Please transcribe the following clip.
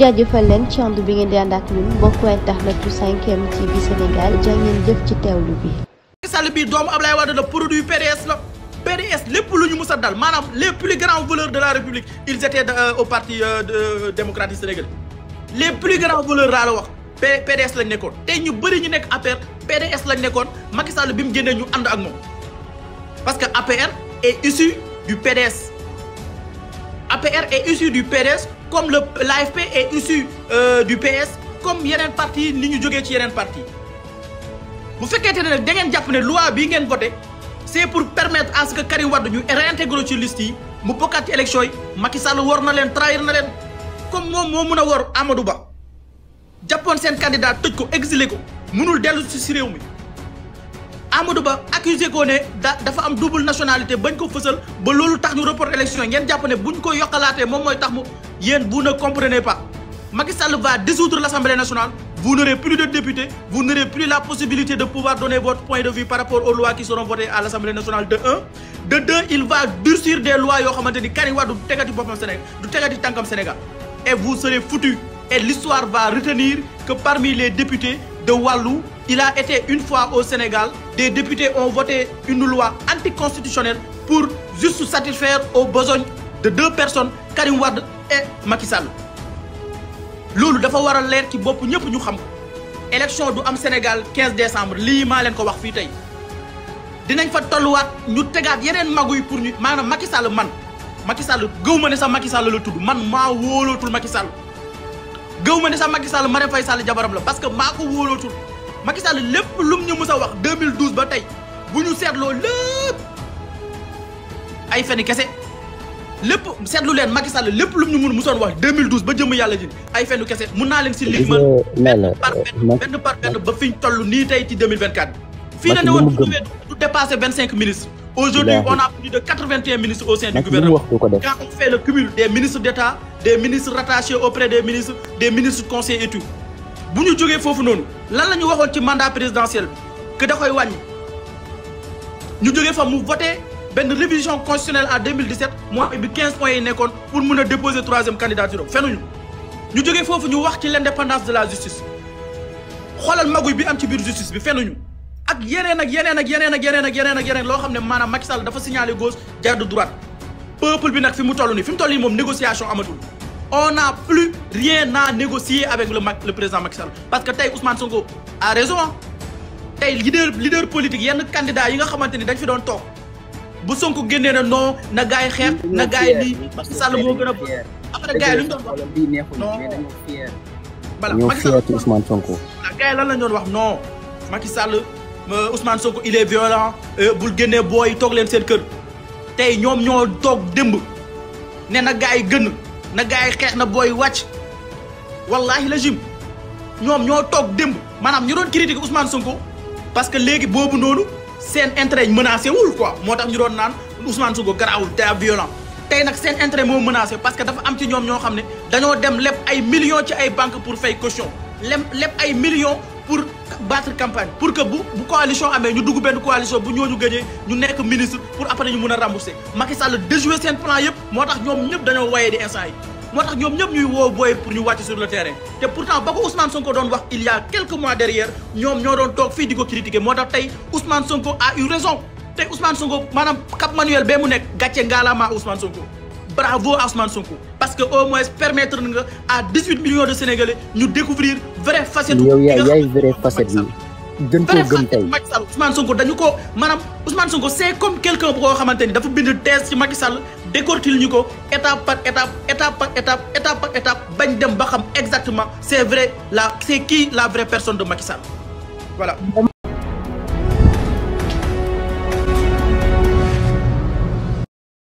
jaajëfal leen ci ànd bi ngeen di ànd ak ñun mbokku internet bu 5M TV Sénégal jaa jëf ci teewlu bi. Sall bii doomu Ablaye Wade la produit PDS la PDS lépp lu ñu mus a dal maanaam les plus grands voleurs de la République ils étaient euh, au parti euh, euh, démocratique sénégalais les plus grands voleurs daa wax PDS lañ nekkoon tey ñu bëri ñu nekk APR PDS lañ nekkoon Macky Sall bi mu génnee ñu ànd ak moom parce que APR est du PDS APR est issu du PDS. comme le l'AFP est issu euh, du PS comme yeneen parti li ñu jógee ci yeneen parti bu fekkente ne nag da ngeen jàpp ne loi bii ngeen voté c'est pour permettre à ce que Karim Wade ñu réintégrer ci yi mu bokkaat ci élection yi Macky Sall war na leen trahir na leen comme moom moo mën a war Amadou Ba jàppoon seen candidat tëj ko exilé ko mënul dellu si réew mi. Amadou Ba accusé ko ne dafa am double nationalité bañ ko fësal ba loolu tax ñu report élection ngeen jàpp ne buñ ko yokkalaatee moom mooy tax mu yéen vous ne comprenez pas Macky Sall va dissoudre l'Assemblée nationale vous n'aurez plus de députés vous n'aurez plus la possibilité de pouvoir donner votre point de vue par rapport aux lois qui seront votées à l'Assemblée nationale de un de deux il va durcir des lois yoo xamante ni Karim Wade du tegati boppam de wàllu il été une fois au Sénégal des députés ont voté une loi anticonstitutionnelle pour juste satisfaire aux besognes de deux personnes Karim Wade et Macky Sall loolu dafa war a leer ci bopp ñëpp ñu xam ko élection du am Sénégal 15 décembre lii maa leen ko wax fii tey dinañ fa tolluwaat ñu tegaat yeneen maguy pour ñu maanaam Macky Sall man Macky Sall gëw ma ne sax Macky Sall la tudd man maa wóolootul Macky Sall gëw ma ne sax Macky Sall Marème Faye Sall jabaram la parce que maa ko wóolootul Macky lépp lum ñu mës a wax ba tey bu ñu seetloo lépp ay fenn kese lépp seetlu leen Macky Sall lépp lum ñu mun musoon wax 2012 ba jëm yàlla ji ay fenn kese mun naa leen si lim man benn par benn benn par benn ba fiñ toll nii tey ci 2024. fii na ne woon du dépassé vingt cinq ministres Aujourd'hui, on a plus de 81 ministres au sein du gouvernement. Quand on fait le cumul des ministres d'État, des ministres rattachés auprès des ministres, des ministres bu ñu jógee foofu noonu lan la ñu waxoon ci mandat présidentiel bi que da koy wàññi ñu jógee fa mu voté benn révision constitutionnelle en 2017 mu am bi 15 points yi nekkoon pour mun a déposer troisième candidature am fenuñu ñu jógee foofu ñu wax ci l' indépendance de la justice xoolal maguy bi am ci biir justice bi fenuñu ak yeneen ak yeneen ak yeneen ak yeneen ak yeneen ak yeneen loo xam ne maanaam Macky Sall dafa signalé gauche jaar de droite peuple bi nag fi mu toll nii fi mu toll nii moom négociation amatul on plus rien à négocier avec le président Macky parce que tey Ousmane Sonko a raison tey leader politique yenn candidat yi nga xamante ni dañ fi doon toog bu Sonko génnee na non na gaay xeex na gaay lii Macky Sall moo gën a après gaay lu ñu doon wax non voilà Euh, Ousmane Sonko il est violent euh, bul génnee booy toog leen seen kër tey ñoom ñoo toog démb ne na gars yi gën na gars yi xeex na booy wàcc wallahi la jim ñoom ñoo toog démb maanaam ñu doon critiquer Ousmane Sonko parce que léegi boobu noonu seen intérêt menacé wul quoi moo tax ñu doon naan Ousmane Sonko garaawul te violent tey nag seen intérêt moo menacé parce que dafa am ci ñoom ñoo xam ne dañoo dem leb ay millions ci ay banque pour fay caution leb leb ay millions pour battre campagne pour que bu bu coalition amee ñu dugg benn coalition bu ñooñu gëjee ñu nekk ministre pour après ñu mun a rembourser Macky Sall déjoué seen plan yëpp moo tax ñoom ñëpp dañoo wayee di instant yi moo tax ñoom ñëpp ñuy woo booy pour ñu wàcc sur le terrain te pourtant ba ko Ousmane Sonko doon wax il y a quelques mois derrière ñoom ñoo doon toog fii di ko critiquer moo tax tey Ousmane Sonko a eu raison tey Ousmane Sonko maanaam Cap Manuel parce que au moins permettre nga à 18 millions de sénégalais ñu découvrir vraie facette. yow yaay vraie facette bi gën koo gëm tey Macky Sall dañu ko maanaam Ousmane Sonko c' est comme quelqu'un bu koo xamante ni dafa bind thèse ci Macky Sall décortile ñu ko étape par étape étape par étape étape par étape bañ dem ba xam exactement c' est vrai la c' est qui la vrai personne de Macky Sall